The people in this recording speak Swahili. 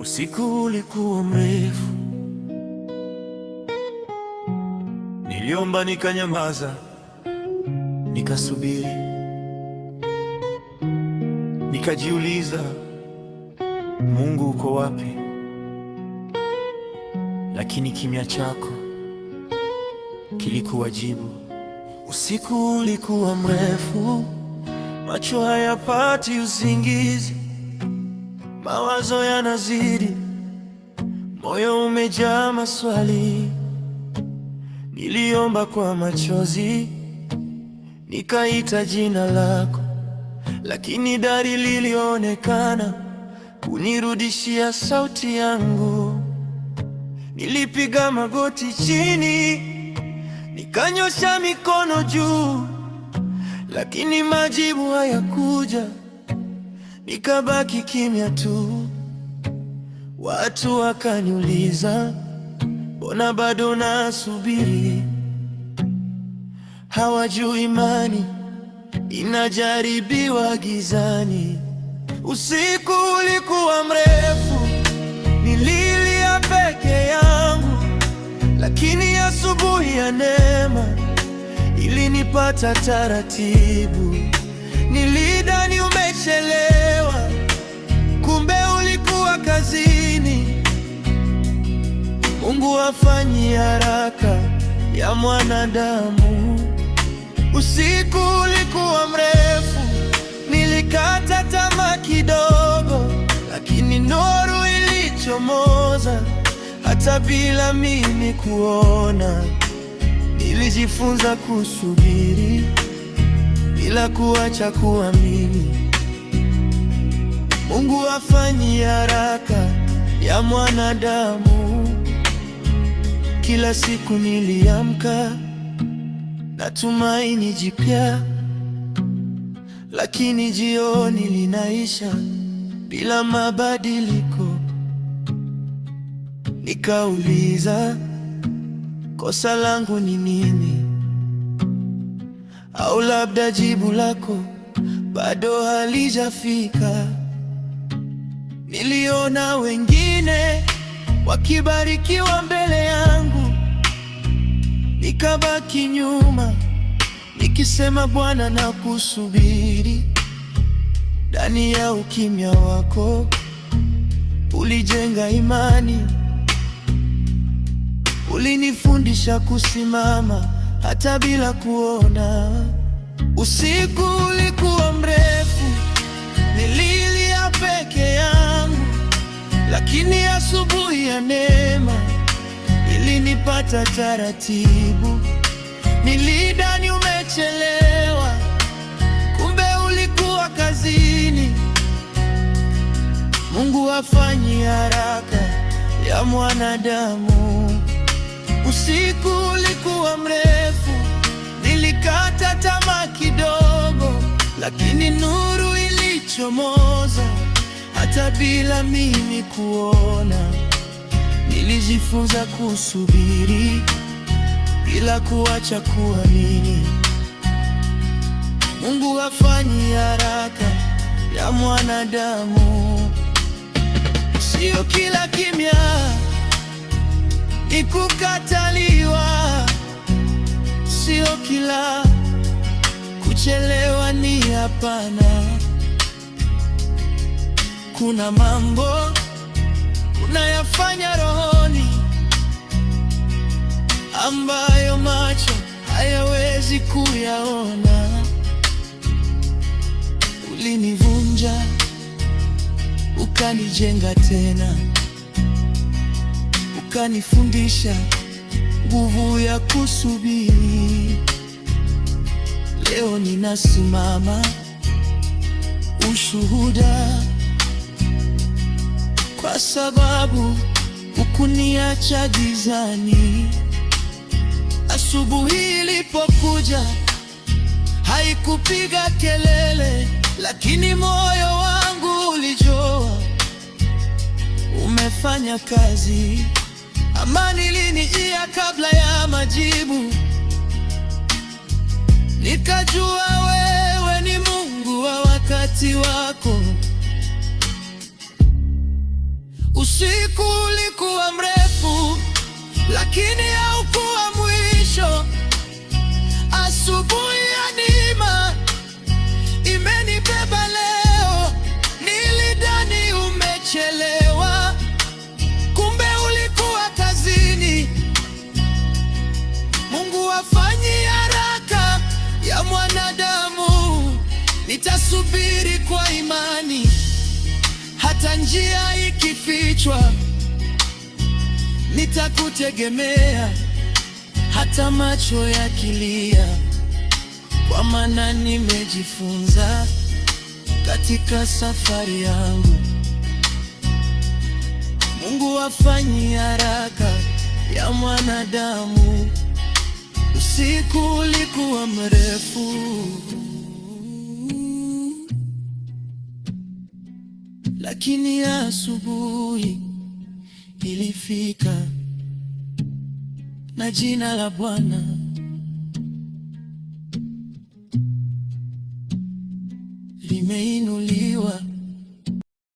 Usiku ulikuwa mrefu, niliomba nikanyamaza, nikasubiri, nikajiuliza, Mungu uko wapi? Lakini kimya chako kilikuwa jibu. Usiku ulikuwa mrefu, macho hayapati usingizi mawazo yanazidi, moyo umejaa maswali. Niliomba kwa machozi, nikaita jina lako, lakini dari lilionekana kunirudishia sauti yangu. Nilipiga magoti chini, nikanyosha mikono juu, lakini majibu hayakuja nikabaki kimya tu. Watu wakaniuliza mbona bado nasubiri, hawajui imani inajaribiwa gizani. Usiku ulikuwa mrefu, nililia peke yangu, lakini asubuhi ya neema ilinipata taratibu. Nilidhani umechelewa kazini, Mungu afanyi haraka ya mwanadamu. Usiku ulikuwa mrefu, nilikata tamaa kidogo, lakini nuru ilichomoza hata bila mimi kuona. Nilijifunza kusubiri bila kuacha kuamini. Mungu hafanyi haraka ya mwanadamu. Kila siku niliamka na tumaini jipya, lakini jioni linaisha bila mabadiliko. Nikauliza, kosa langu ni nini? Au labda jibu lako bado halijafika. Niliona wengine wakibarikiwa mbele yangu, nikabaki nyuma, nikisema Bwana na kusubiri. Ndani ya ukimya wako ulijenga imani, ulinifundisha kusimama hata bila kuona. Nafasi ya neema ilinipata taratibu, nilidhani umechelewa, kumbe ulikuwa kazini. Mungu hafanyi haraka ya mwanadamu. Usiku ulikuwa mrefu, nilikata tamaa kidogo, lakini nuru ilichomoza hata bila mimi kuona. Nilijifunza kusubiri bila kuacha kuamini. Mungu hafanyi haraka ya mwanadamu, sio kila kimya ni kukataliwa, kila kuchelewa ni hapana. Kuna mambo nayafanya rohoni, ambayo macho hayawezi kuyaona. Ulinivunja ukanijenga tena, ukanifundisha nguvu ya kusubiri. Leo ninasimama ushuhuda kwa sababu hukuniacha gizani. Asubuhi ilipokuja haikupiga kelele, lakini moyo wangu ulijua umefanya kazi. Amani ilinijia kabla ya majibu, nikajua wewe ni Mungu wa wakati wako. lakini haukuwa mwisho. Asubuhi ya neema imenibeba leo, nilidhani umechelewa, kumbe ulikuwa kazini. Mungu hafanyi haraka ya mwanadamu, nitasubiri kwa imani hata njia ikifichwa nitakutegemea hata macho ya kilia kwa maana nimejifunza katika safari yangu, Mungu afanyi haraka ya mwanadamu. Usiku ulikuwa mrefu, lakini asubuhi nilifika na jina la Bwana limeinuliwa